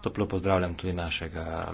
Toplo pozdravljam tudi našega